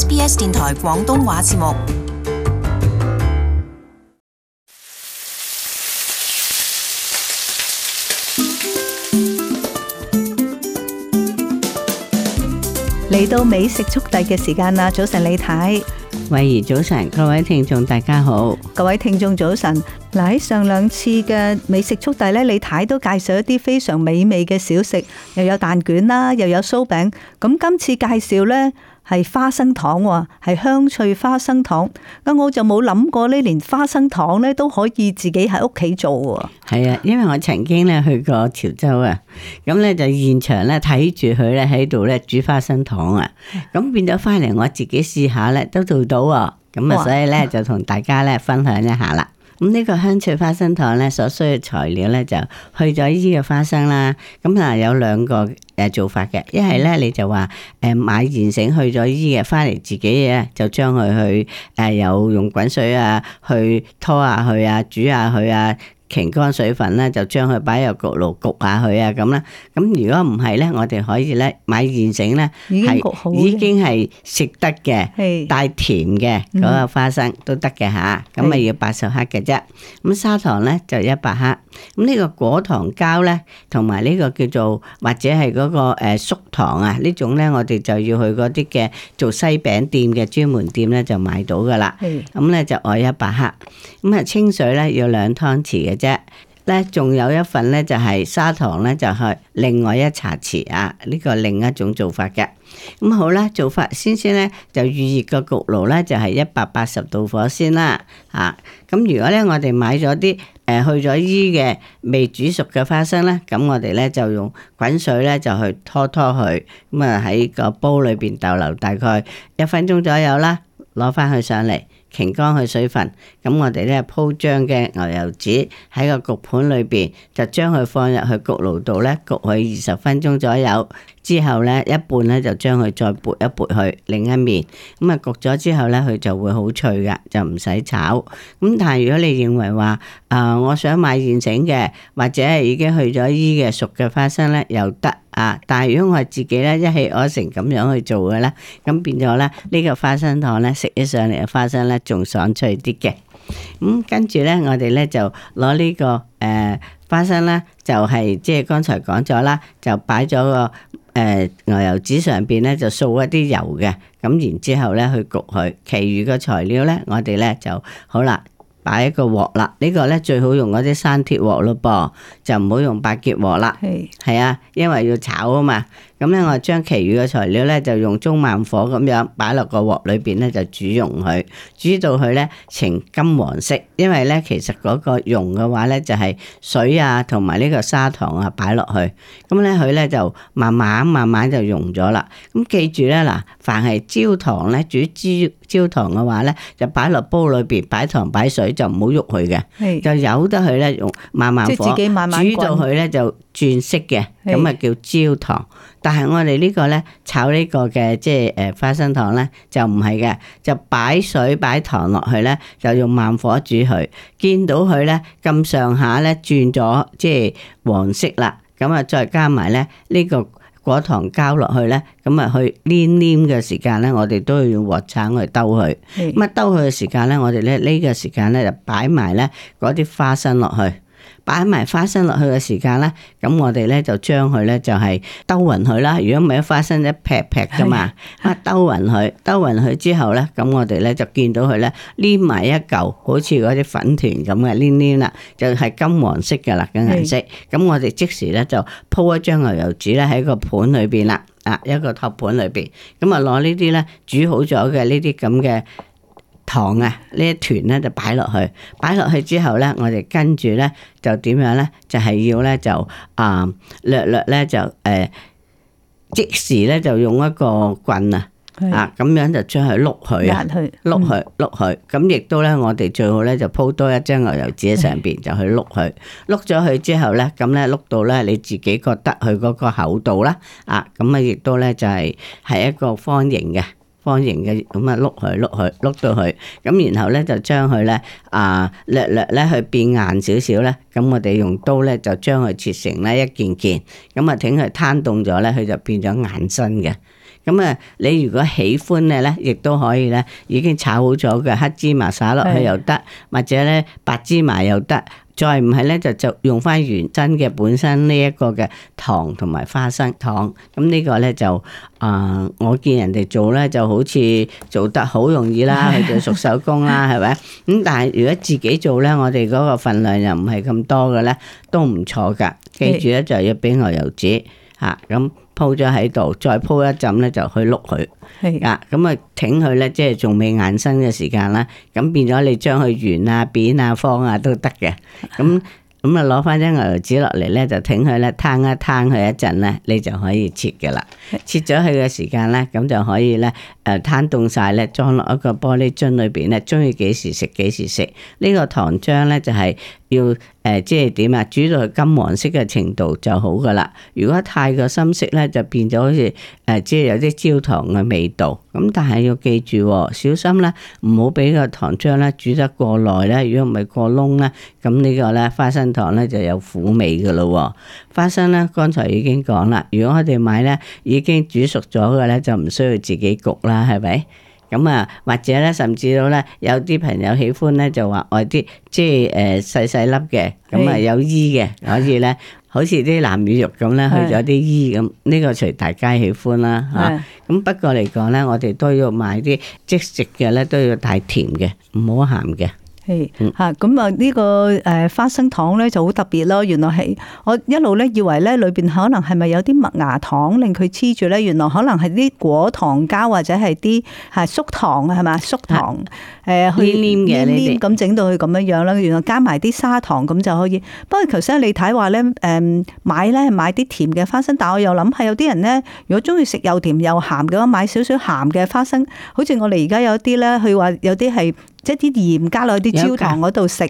SBS 電台廣東話節目，嚟到美食速遞嘅時間啦！早晨，李太，慧怡，早晨，各位聽眾，大家好，各位聽眾，早晨。上兩次嘅美食速遞咧，李太都介紹一啲非常美味嘅小食，又有蛋卷啦，又有酥餅。咁今次介紹咧係花生糖喎，係香脆花生糖。咁我就冇諗過咧，連花生糖咧都可以自己喺屋企做喎。係啊，因為我曾經咧去過潮州啊，咁咧就現場咧睇住佢咧喺度咧煮花生糖啊，咁變咗翻嚟我自己試下咧都做到啊。咁啊所以咧就同大家咧分享一下啦。咁呢個香脆花生糖咧，所需嘅材料咧就去咗衣嘅花生啦。咁啊有兩個誒做法嘅，一係咧你就話誒、呃、買現成去咗衣嘅，翻嚟自己咧就將佢去誒有、呃、用滾水啊去拖下佢啊，煮下佢啊。乾乾水分咧，就將佢擺入焗爐焗下去啊，咁啦。咁如果唔係咧，我哋可以咧買現成咧，已經焗好嘅，已經係食得嘅，帶甜嘅嗰個花生的都得嘅吓，咁啊，要八十克嘅啫。咁的砂糖咧就一百克。咁呢個果糖膠咧，同埋呢個叫做或者係嗰、那個誒、呃、粟糖啊種呢種咧，我哋就要去嗰啲嘅做西餅店嘅專門店咧就買到噶啦。咁咧是、嗯、就要一百克，咁、嗯、啊清水咧要兩湯匙嘅啫。咧仲有一份咧就係、是、砂糖咧就係、是、另外一茶匙啊呢、這個另一種做法嘅。咁、嗯、好啦，做法先先咧就預熱個焗爐咧就係一百八十度火先啦。啊，咁、嗯、如果咧我哋買咗啲。去咗衣嘅未煮熟嘅花生咧，咁我哋咧就用滾水咧就去拖拖佢，咁啊喺個煲裏邊逗留大概一分鐘左右啦，攞返佢上嚟。乾乾去水分，咁我哋咧鋪張嘅牛油紙喺個焗盤裏邊，就將佢放入去焗爐度咧焗佢二十分鐘左右。之後咧一半咧就將佢再撥一撥去另一面。咁啊焗咗之後咧，佢就會好脆㗎，就唔使炒。咁但係如果你認為話，啊、呃、我想買現成嘅或者係已經去咗衣嘅熟嘅花生咧，又得。啊！但係如果我自己咧一氣呵成咁樣去做嘅咧，咁變咗咧呢個花生糖咧食起上嚟嘅花生咧仲爽脆啲嘅。咁跟住咧，我哋咧就攞呢、這個誒、呃、花生咧，就係、是、即係剛才講咗啦，就擺咗個誒、呃、牛油紙上邊咧，就掃一啲油嘅。咁然之後咧去焗佢，其餘嘅材料咧，我哋咧就好啦。擺一個鑊啦，呢、這個呢最好用嗰啲生鐵鑊咯噃，就唔好用白鐵鑊啦，係是啊，因為要炒啊嘛。咁咧，我將其餘嘅材料咧就用中慢火咁樣擺落個鑊裏邊咧就煮溶佢，煮到佢咧呈金黃色。因為咧其實嗰個溶嘅話咧就係水啊同埋呢個砂糖啊擺落去，咁咧佢咧就慢慢慢慢就溶咗啦。咁記住咧嗱，凡係焦糖咧煮焦焦糖嘅話咧，就擺落煲裏邊擺糖擺水就唔好喐佢嘅，就由是得佢咧用慢慢火自己慢慢煮到佢咧就轉色嘅，咁啊是叫焦糖。但係我哋呢個咧炒呢個嘅即係誒花生糖咧就唔係嘅，就擺水擺糖落去咧，就用慢火煮佢。見到佢咧咁上下咧轉咗即係黃色啦，咁啊再加埋咧呢個果糖膠落去咧，咁啊去黏黏嘅時間咧，我哋都要用鑊鏟去兜佢。咁啊兜佢嘅時間咧，我哋咧呢個時間咧就擺埋咧嗰啲花生落去。擺埋花生落去嘅時間咧，咁我哋咧就將佢咧就係兜勻佢啦。如果唔係，花生一劈劈噶嘛，啊兜勻佢，兜勻佢之後咧，咁我哋咧就見到佢咧黏埋一嚿，好似嗰啲粉團咁嘅黏黏啦，就係金黃色嘅啦嘅顏色。咁 我哋即時咧就鋪一張牛油紙咧喺個盤裏邊啦，啊一個托盤裏邊，咁啊攞呢啲咧煮好咗嘅呢啲咁嘅。糖啊，呢一團咧就擺落去，擺落去之後咧，我哋跟住咧就點樣咧？就係、就是、要咧就啊、呃，略略咧就誒、呃，即時咧就用一個棍的啊，啊咁樣就將佢碌佢，碌佢碌佢碌佢。咁亦它、嗯、都咧，我哋最好咧就鋪多一張牛油紙喺上邊，的就去碌佢。碌咗佢之後咧，咁咧碌到咧你自己覺得佢嗰個厚度啦，啊咁啊亦都咧就係係一個方形嘅。方形嘅咁啊，碌去碌去碌到佢咁然後咧就將佢咧啊略略咧去變硬少少咧，咁我哋用刀咧就將佢切成咧一件件，咁啊，等佢攤凍咗咧，佢就變咗硬身嘅。咁啊，你如果喜歡嘅咧，亦都可以咧，已經炒好咗嘅黑芝麻撒落去又得，的或者咧白芝麻又得。再唔係咧，就就用翻原真嘅本身呢一個嘅糖同埋花生糖，咁呢個咧就啊、呃，我見人哋做咧就好似做得好容易啦，去做熟手工啦，係咪？ 咁但係如果自己做咧，我哋嗰個份量又唔係咁多嘅咧，都唔錯噶。記住咧，就要俾牛油紙吓咁。啊鋪咗喺度，再鋪一浸咧就去碌佢。係的啊，咁啊挺佢咧，即係仲未硬身嘅時間啦。咁變咗你將佢圓啊、扁啊、方啊都得嘅。咁咁啊攞翻張牛油紙落嚟，咧就挺佢咧，攤一攤佢一陣咧，你就可以切嘅啦。的切咗佢嘅時間咧，咁就可以咧誒攤凍晒咧，裝落一個玻璃樽裏邊咧，中意幾時食幾時食。呢、這個糖漿咧就係、是。要誒、呃、即係點啊？煮到金黃色嘅程度就好㗎喇。如果太過深色咧，就變咗好似誒、呃、即係有啲焦糖嘅味道。咁但係要記住、哦，小心咧，唔好畀個糖漿咧煮得過耐咧。如果唔係過燶咧，咁呢個咧花生糖咧就有苦味㗎咯。花生咧，剛才已經講啦。如果我哋買咧已經煮熟咗嘅咧，就唔需要自己焗啦，係咪？咁啊，或者咧，甚至到咧，有啲朋友喜歡咧，就話我啲即係誒細細粒嘅，咁啊有衣嘅，可是以咧，好似啲南乳肉咁咧，去咗啲衣咁，呢是個隨大家喜歡啦嚇。咁是不過嚟講咧，我哋都要買啲即食嘅咧，都要太甜嘅，唔好鹹嘅。係，吓咁啊！呢個誒花生糖咧就好特別咯。原來係我一路咧以為咧裏邊可能係咪有啲麥芽糖令佢黐住咧？原來可能係啲果糖膠或者係啲係粟糖啊，係咪？粟糖誒去黏嘅黏啲咁整到佢咁樣樣啦。原來加埋啲砂糖咁就可以。不過頭先你睇話咧誒買咧買啲甜嘅花生，但我又諗係有啲人咧，如果中意食又甜又鹹嘅話，買少少鹹嘅花生，好似我哋而家有啲咧，佢話有啲係。即啲鹽加落啲焦糖嗰度食，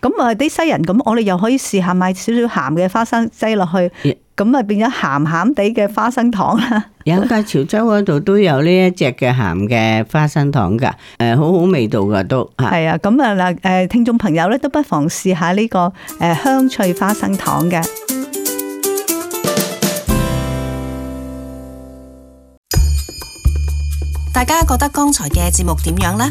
咁啊啲西人咁，我哋又可以試下買少少鹹嘅花生擠落去，咁啊的變咗鹹鹹地嘅花生糖啦。 有噶潮州嗰度都有呢一隻嘅鹹嘅花生糖噶，誒、嗯，好好味道噶都。係、嗯、啊，咁啊嗱，誒，聽眾朋友咧都不妨試下呢個誒香脆花生糖嘅。大家覺得剛才嘅節目點樣咧？